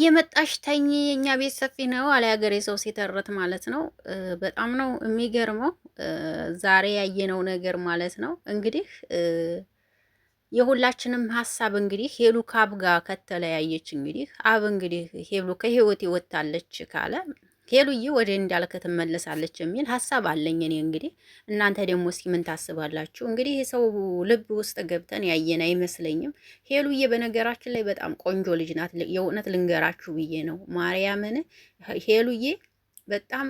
እየመጣሽ ተኝ የእኛ ቤት ሰፊ ነው አለ ያገሬ ሰው ሲተርት ማለት ነው። በጣም ነው የሚገርመው ዛሬ ያየነው ነገር ማለት ነው። እንግዲህ የሁላችንም ሀሳብ እንግዲህ ሄሉ ካብ ጋር ከተለያየች እንግዲህ አብ እንግዲህ ሄሉ ከህይወት ይወጣለች ካለ ሄሉዬ ወደ እንዳልክ ትመለሳለች የሚል ሀሳብ አለኝ። እኔ እንግዲህ እናንተ ደግሞ እስኪ ምን ታስባላችሁ? እንግዲህ የሰው ልብ ውስጥ ገብተን ያየን አይመስለኝም። ሄሉዬ በነገራችን ላይ በጣም ቆንጆ ልጅ ናት። የእውነት ልንገራችሁ ብዬ ነው ማርያምን። ሄሉዬ በጣም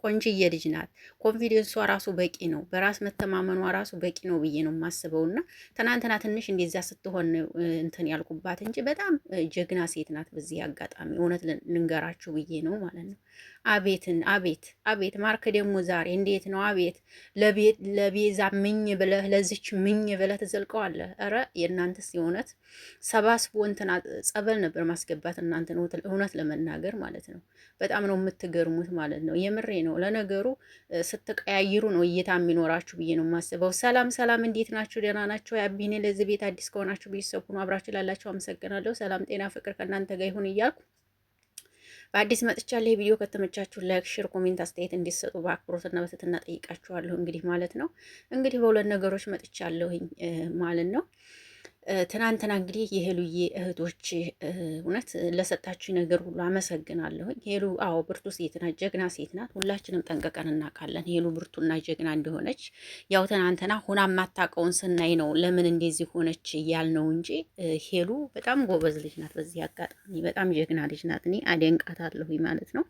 ቆንጅዬ ልጅ ናት። ኮንፊደንሷ ራሱ በቂ ነው፣ በራስ መተማመኗ ራሱ በቂ ነው ብዬ ነው የማስበው። እና ትናንትና ትንሽ እንደዚያ ስትሆን እንትን ያልኩባት እንጂ በጣም ጀግና ሴት ናት። በዚህ አጋጣሚ እውነት ልንገራችሁ ብዬ ነው ማለት ነው። አቤትን አቤት አቤት ማርክ ደግሞ ዛሬ እንዴት ነው? አቤት ለቤዛ ምኝ ብለህ ለዚች ምኝ ብለህ ትዘልቀዋለህ። ኧረ የእናንተስ የእውነት ሰባስቦ እንትና ጸበል ነበር ማስገባት ነው፣ እውነት ለመናገር ማለት ነው። በጣም ነው የምትገርሙት ማለት ነው። የምሬ ነው። ለነገሩ ስትቀያይሩ ነው እይታ የሚኖራችሁ ብዬ ነው የማስበው። ሰላም ሰላም፣ እንዴት ናችሁ? ደህና ናቸው ያቢኔ። ለዚህ ቤት አዲስ ከሆናችሁ ቤተሰብ ሁኑ። አብራችሁ አመሰግናለሁ። ሰላም ጤና ፍቅር ከእናንተ ጋር ይሁን እያልኩ በአዲስ መጥቻለሁ። ቪዲዮ ከተመቻችሁ ላይክ፣ ሼር፣ ኮሜንት አስተያየት እንዲሰጡ በአክብሮትና በትህትና ጠይቃችኋለሁ። እንግዲህ ማለት ነው እንግዲህ በሁለት ነገሮች መጥቻለሁኝ ማለት ነው ትናንትና እንግዲህ የሄሉዬ እህቶች እውነት ለሰጣችሁ ነገር ሁሉ አመሰግናለሁ። ሄሉ አዎ ብርቱ ሴት ናት፣ ጀግና ሴት ናት። ሁላችንም ጠንቀቀን እናውቃለን ሄሉ ብርቱና ጀግና እንደሆነች። ያው ትናንትና ሁና የማታውቀውን ስናይ ነው ለምን እንደዚህ ሆነች ያልነው እንጂ ሄሉ በጣም ጎበዝ ልጅ ናት። በዚህ አጋጣሚ በጣም ጀግና ልጅ ናት። እኔ አደንቃታለሁ ማለት ነው።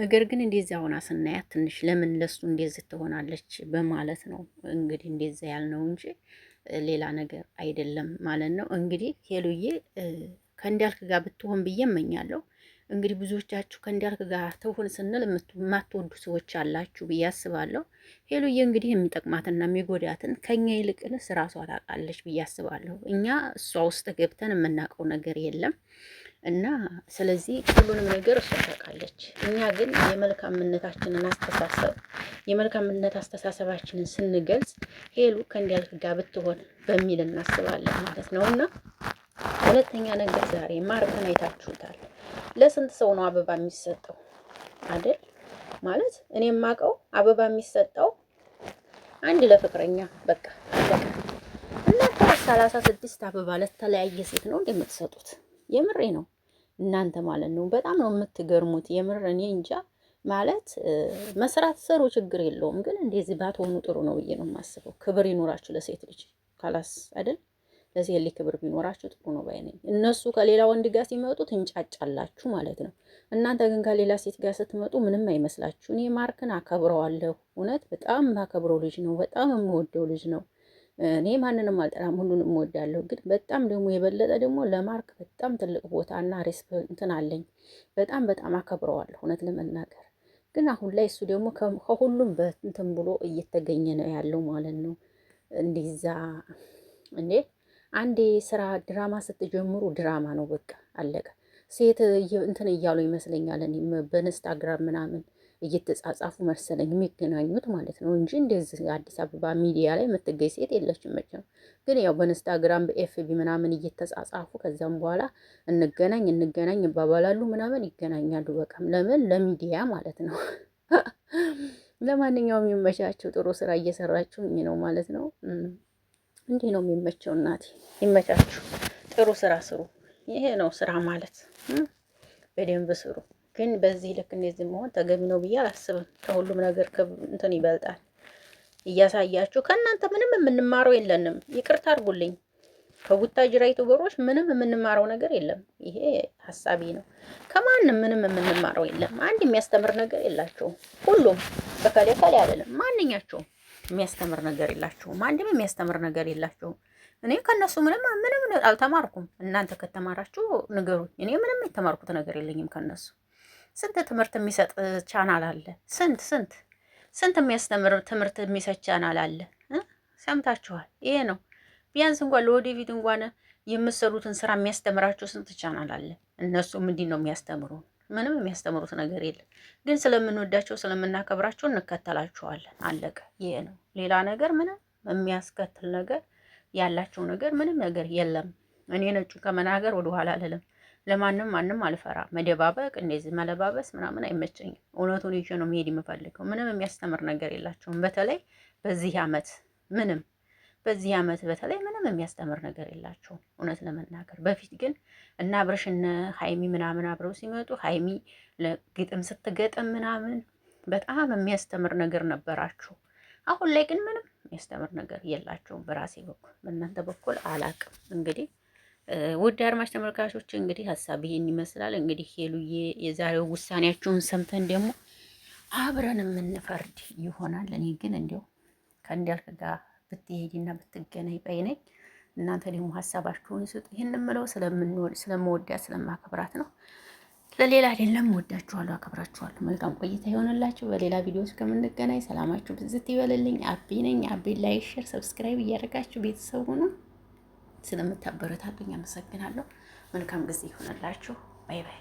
ነገር ግን እንደዚህ ሆና ስናያት ትንሽ ለምን ለሱ እንደዚህ ትሆናለች በማለት ነው እንግዲህ እንደዚያ ያልነው እንጂ ሌላ ነገር አይደለም ማለት ነው። እንግዲህ ሄሉዬ ከእንዳልክ ጋር ብትሆን ብዬ እመኛለሁ። እንግዲህ ብዙዎቻችሁ ከእንዳልክ ጋር ትሁን ስንል የማትወዱ ሰዎች አላችሁ ብዬ አስባለሁ። ሄሉዬ እንግዲህ የሚጠቅማትና የሚጎዳትን ከኛ ይልቅንስ ራሷ ታውቃለች ብዬ አስባለሁ። እኛ እሷ ውስጥ ገብተን የምናውቀው ነገር የለም እና ስለዚህ ሁሉንም ነገር እሷ ታውቃለች። እኛ ግን የመልካምነታችንን አስተሳሰብ የመልካምነት አስተሳሰባችንን ስንገልጽ ሄሉ ከእንዳልክ ጋር ብትሆን በሚል እናስባለን ማለት ነው እና ሁለተኛ ነገር ዛሬ ማርክን አይታችሁታል። ለስንት ሰው ነው አበባ የሚሰጠው? አይደል ማለት እኔ የማውቀው አበባ የሚሰጠው አንድ ለፍቅረኛ በቃ እናንተ ሰላሳ ስድስት አበባ ለተለያየ ሴት ነው እንደምትሰጡት? የምሬ ነው እናንተ ማለት ነው። በጣም ነው የምትገርሙት። የምር እኔ እንጃ ማለት መስራት ሰሩ ችግር የለውም ግን እንደዚህ ባትሆኑ ጥሩ ነው ብዬ ነው የማስበው። ክብር ይኖራችሁ ለሴት ልጅ ካላስ አይደል ለሴት ልጅ ክብር ቢኖራችሁ ጥሩ ነው ባይ ነኝ። እነሱ ከሌላ ወንድ ጋር ሲመጡ ትንጫጫላችሁ ማለት ነው። እናንተ ግን ከሌላ ሴት ጋር ስትመጡ ምንም አይመስላችሁ። እኔ ማርክን አከብረዋለሁ። እውነት በጣም ማከብረው ልጅ ነው። በጣም የምወደው ልጅ ነው። እኔ ማንንም አልጠላም፣ ሁሉንም እወዳለሁ። ግን በጣም ደግሞ የበለጠ ደግሞ ለማርክ በጣም ትልቅ ቦታ እና ሬስፔክት እንትን አለኝ። በጣም በጣም አከብረዋለሁ እውነት ለመናገር ግን አሁን ላይ እሱ ደግሞ ከሁሉም በእንትን ብሎ እየተገኘ ነው ያለው ማለት ነው። እንዲዛ እንዴ አንዴ ስራ ድራማ ስትጀምሩ ድራማ ነው፣ በቃ አለቀ። ሴት እንትን እያሉ ይመስለኛል በኢንስታግራም ምናምን እየተጻጻፉ መሰለኝ የሚገናኙት ማለት ነው እንጂ እንደዚህ አዲስ አበባ ሚዲያ ላይ የምትገኝ ሴት የለችም መቼም። ግን ያው በኢንስታግራም በኤፍቢ ምናምን እየተጻጻፉ ከዚያም በኋላ እንገናኝ እንገናኝ ይባባላሉ ምናምን ይገናኛሉ። በቃም ለምን ለሚዲያ ማለት ነው። ለማንኛውም የሚመቻቸው ጥሩ ስራ እየሰራችሁ ነው ማለት ነው። እንዲህ ነው የሚመቸው። እናቴ ይመቻችሁ፣ ጥሩ ስራ ስሩ። ይሄ ነው ስራ ማለት፣ በደንብ ስሩ። ግን በዚህ ልክ እንደዚህ መሆን ተገቢ ነው ብዬ አላስብም። ከሁሉም ነገር እንትን ይበልጣል። እያሳያችሁ ከእናንተ ምንም የምንማረው የለንም። ይቅርታ አድርጉልኝ። ከቡታጅራ ዩቱበሮች ምንም የምንማረው ነገር የለም። ይሄ ሀሳቢ ነው። ከማንም ምንም የምንማረው የለም። አንድ የሚያስተምር ነገር የላቸውም። ሁሉም በከሌ ከሌ አይደለም ማንኛቸውም የሚያስተምር ነገር የላቸውም። አንድም የሚያስተምር ነገር የላቸውም። እኔ ከእነሱ ምንም ምንም አልተማርኩም። እናንተ ከተማራችሁ ንገሩ። እኔ ምንም የተማርኩት ነገር የለኝም ከነሱ። ስንት ትምህርት የሚሰጥ ቻናል አለ። ስንት ስንት ስንት የሚያስተምር ትምህርት የሚሰጥ ቻናል አለ። ሰምታችኋል። ይሄ ነው ቢያንስ እንኳን ለወደፊት እንኳን የምሰሩትን ስራ የሚያስተምራቸው ስንት ቻናል አለ። እነሱ ምንድን ነው የሚያስተምሩ? ምንም የሚያስተምሩት ነገር የለም። ግን ስለምንወዳቸው ስለምናከብራቸው እንከተላቸዋለን። አለቀ። ይሄ ነው። ሌላ ነገር ምንም የሚያስከትል ነገር ያላቸው ነገር ምንም ነገር የለም። እኔ ነጩን ከመናገር ወደኋላ አልልም። ለማንም ማንም አልፈራ። መደባበቅ፣ እንደዚህ መለባበስ ምናምን አይመቸኝም። እውነቱን ይዤ ነው መሄድ የምፈልገው። ምንም የሚያስተምር ነገር የላቸውም። በተለይ በዚህ አመት ምንም በዚህ ዓመት በተለይ ምንም የሚያስተምር ነገር የላቸውም እውነት ለመናገር በፊት ግን እና አብርሽ ሀይሚ ምናምን አብረው ሲመጡ ሀይሚ ለግጥም ስትገጥም ምናምን በጣም የሚያስተምር ነገር ነበራቸው። አሁን ላይ ግን ምንም የሚያስተምር ነገር የላቸውም። በራሴ በኩል በእናንተ በኩል አላቅም። እንግዲህ ውድ አድማጭ ተመልካቾች እንግዲህ ሀሳብ ይሄን ይመስላል። እንግዲህ ሄሉዬ የዛሬው ውሳኔያችሁን ሰምተን ደግሞ አብረን የምንፈርድ ይሆናል። እኔ ግን እንዲያው ከእንዲያልክ ጋር ብትሄጂና ብትገናኝ ባይ ነኝ። እናንተ ደግሞ ሀሳባችሁን ስጡ። ይህን ምለው ስለምወዳት ስለማከብራት ነው፣ ለሌላ አይደለም። ወዳችኋለሁ፣ አከብራችኋለሁ። መልካም ቆይታ ይሆንላችሁ። በሌላ ቪዲዮ እስከምንገናኝ ሰላማችሁ ብዝት ይበልልኝ። አቢ ነኝ። አቢ ላይ ሼር፣ ሰብስክራይብ እያደረጋችሁ ቤተሰብ ሁኑ። ስለምታበረታቱኝ አመሰግናለሁ። መልካም ጊዜ ይሆንላችሁ። ባይ ባይ።